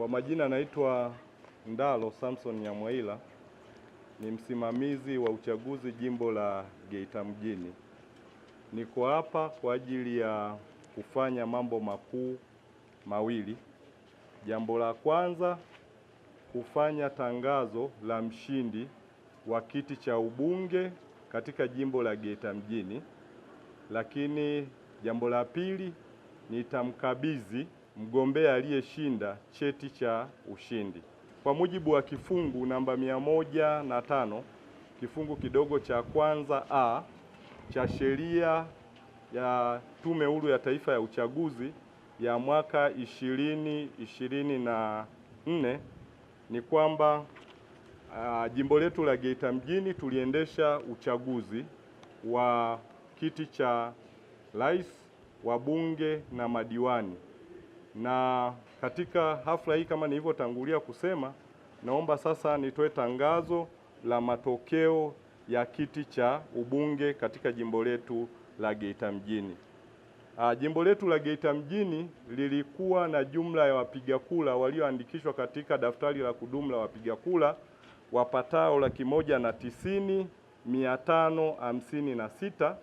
Kwa majina naitwa Ndalo Samson Nyamwaila, ni msimamizi wa uchaguzi jimbo la Geita mjini. Niko hapa kwa ajili ya kufanya mambo makuu mawili. Jambo la kwanza, kufanya tangazo la mshindi wa kiti cha ubunge katika jimbo la Geita mjini, lakini jambo la pili nitamkabidhi mgombea aliyeshinda cheti cha ushindi kwa mujibu wa kifungu namba mia moja na tano kifungu kidogo cha kwanza a cha sheria ya Tume Huru ya Taifa ya Uchaguzi ya mwaka ishirini ishirini na nne ni kwamba uh, jimbo letu la Geita mjini tuliendesha uchaguzi wa kiti cha rais, wabunge na madiwani. Na katika hafla hii kama nilivyotangulia kusema, naomba sasa nitoe tangazo la matokeo ya kiti cha ubunge katika jimbo letu la Geita mjini. Uh, jimbo letu la Geita mjini lilikuwa na jumla ya wapiga kura walioandikishwa katika daftari la kudumu la wapiga kura wapatao laki moja na tisini mia tano hamsini na sita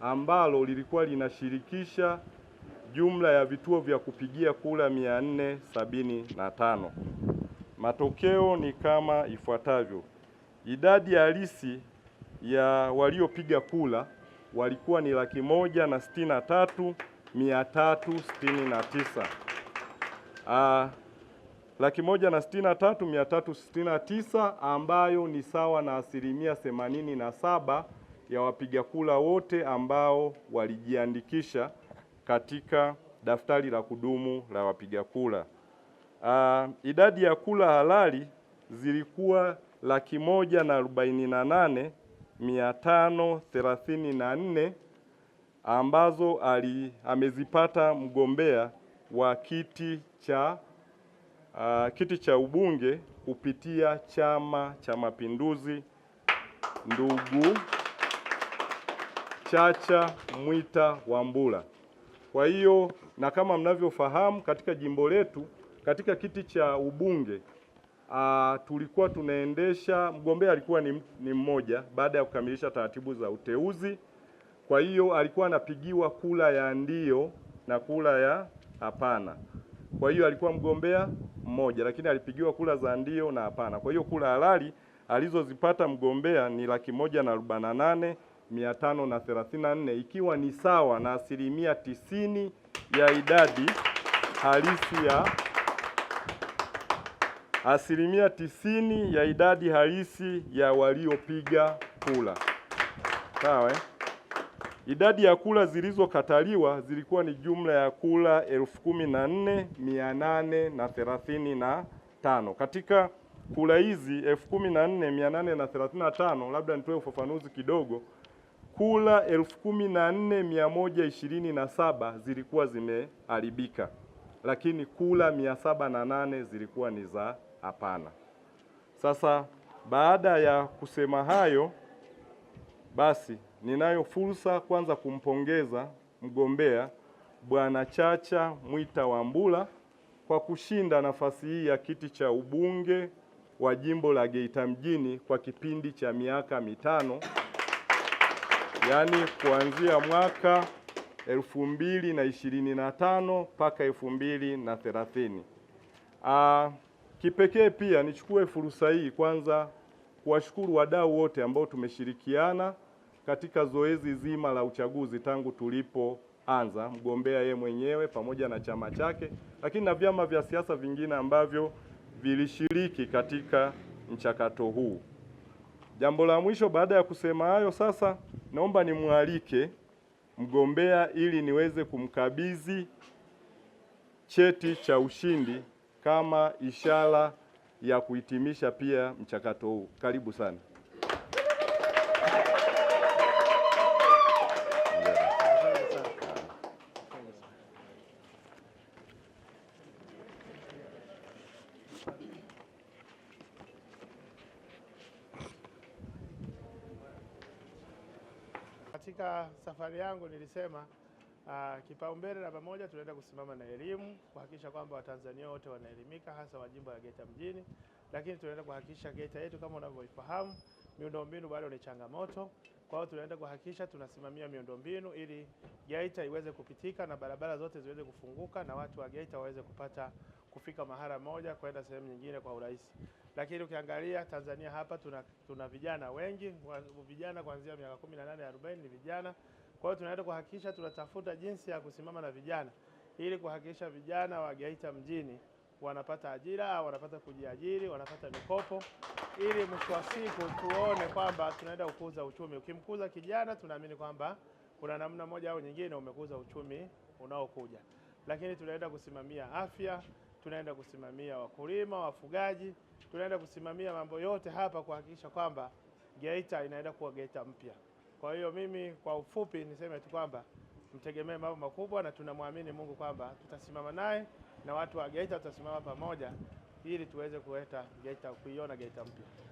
ambalo lilikuwa linashirikisha jumla ya vituo vya kupigia kura 475. Matokeo ni kama ifuatavyo: idadi halisi ya waliopiga kura walikuwa ni laki moja na sitini na tatu mia tatu sitini na tisa. Ah, laki moja na sitini na tatu mia tatu sitini na tisa ambayo ni sawa na asilimia themanini na saba ya wapiga kura wote ambao walijiandikisha katika daftari la kudumu la wapiga kura. Uh, idadi ya kura halali zilikuwa laki moja na arobaini na nane mia tano thelathini na nne ambazo ali, amezipata mgombea wa kiti cha uh, kiti cha ubunge kupitia Chama cha Mapinduzi ndugu Chacha Mwita Wambura. Kwa hiyo na kama mnavyofahamu, katika jimbo letu katika kiti cha ubunge aa, ah, tulikuwa tunaendesha mgombea alikuwa ni, ni mmoja baada ya kukamilisha taratibu za uteuzi. Kwa hiyo alikuwa anapigiwa kula ya ndio na kula ya hapana. Kwa hiyo alikuwa mgombea mmoja, lakini alipigiwa kula za ndio na hapana. Kwa hiyo kula halali alizozipata mgombea ni laki moja na arobaini na nane 534 ikiwa ni sawa na asilimia tisini ya idadi halisi ya asilimia tisini ya idadi halisi ya waliopiga kura. Sawa eh? Idadi ya kura zilizokataliwa zilikuwa ni jumla ya kura 14835. Katika kura hizi 14835, labda nitoe ufafanuzi kidogo kula elfu kumi na nne mia moja ishirini na saba zilikuwa zimeharibika, lakini kula mia saba na nane zilikuwa ni za hapana. Sasa baada ya kusema hayo, basi ninayo fursa kwanza kumpongeza mgombea Bwana Chacha Mwita Wambura kwa kushinda nafasi hii ya kiti cha ubunge wa jimbo la Geita mjini kwa kipindi cha miaka mitano yaani kuanzia mwaka elfu mbili na ishirini na tano mpaka elfu mbili na thelathini. Ah, kipekee pia nichukue fursa hii kwanza kuwashukuru wadau wote ambao tumeshirikiana katika zoezi zima la uchaguzi tangu tulipoanza, mgombea ye mwenyewe pamoja na chama chake, lakini na vyama vya siasa vingine ambavyo vilishiriki katika mchakato huu. Jambo la mwisho baada ya kusema hayo sasa naomba nimwalike mgombea ili niweze kumkabidhi cheti cha ushindi kama ishara ya kuhitimisha pia mchakato huu. Karibu sana. katika safari yangu nilisema uh, kipaumbele namba moja tunaenda kusimama na elimu, kuhakikisha kwamba Watanzania wote wanaelimika, hasa majimbo ya Geita mjini. Lakini tunaenda kuhakikisha Geita yetu kama unavyoifahamu, miundombinu bado ni changamoto. Kwa hiyo tunaenda kuhakikisha tunasimamia miundombinu ili Geita iweze kupitika na barabara zote ziweze kufunguka na watu wa Geita waweze kupata kufika mahala moja kwenda sehemu nyingine kwa urahisi. Lakini ukiangalia Tanzania hapa tuna, tuna vijana wengi, vijana kuanzia miaka 18 40 ni vijana. Kwa hiyo tunaenda kuhakikisha tunatafuta jinsi ya kusimama na vijana ili kuhakikisha vijana wa Geita mjini wanapata ajira, wanapata kujiajiri, wanapata mikopo ili mwisho wa siku tuone kwamba tunaenda kukuza uchumi. Ukimkuza kijana, tunaamini kwamba kuna namna moja au nyingine umekuza uchumi unaokuja, lakini tunaenda kusimamia afya tunaenda kusimamia wakulima, wafugaji, tunaenda kusimamia mambo yote hapa kuhakikisha kwamba Geita inaenda kuwa Geita mpya. Kwa hiyo mimi kwa ufupi niseme tu kwamba mtegemee mambo makubwa, na tunamwamini Mungu kwamba tutasimama naye na watu wa Geita tutasimama pamoja ili tuweze kuleta Geita, kuiona Geita mpya.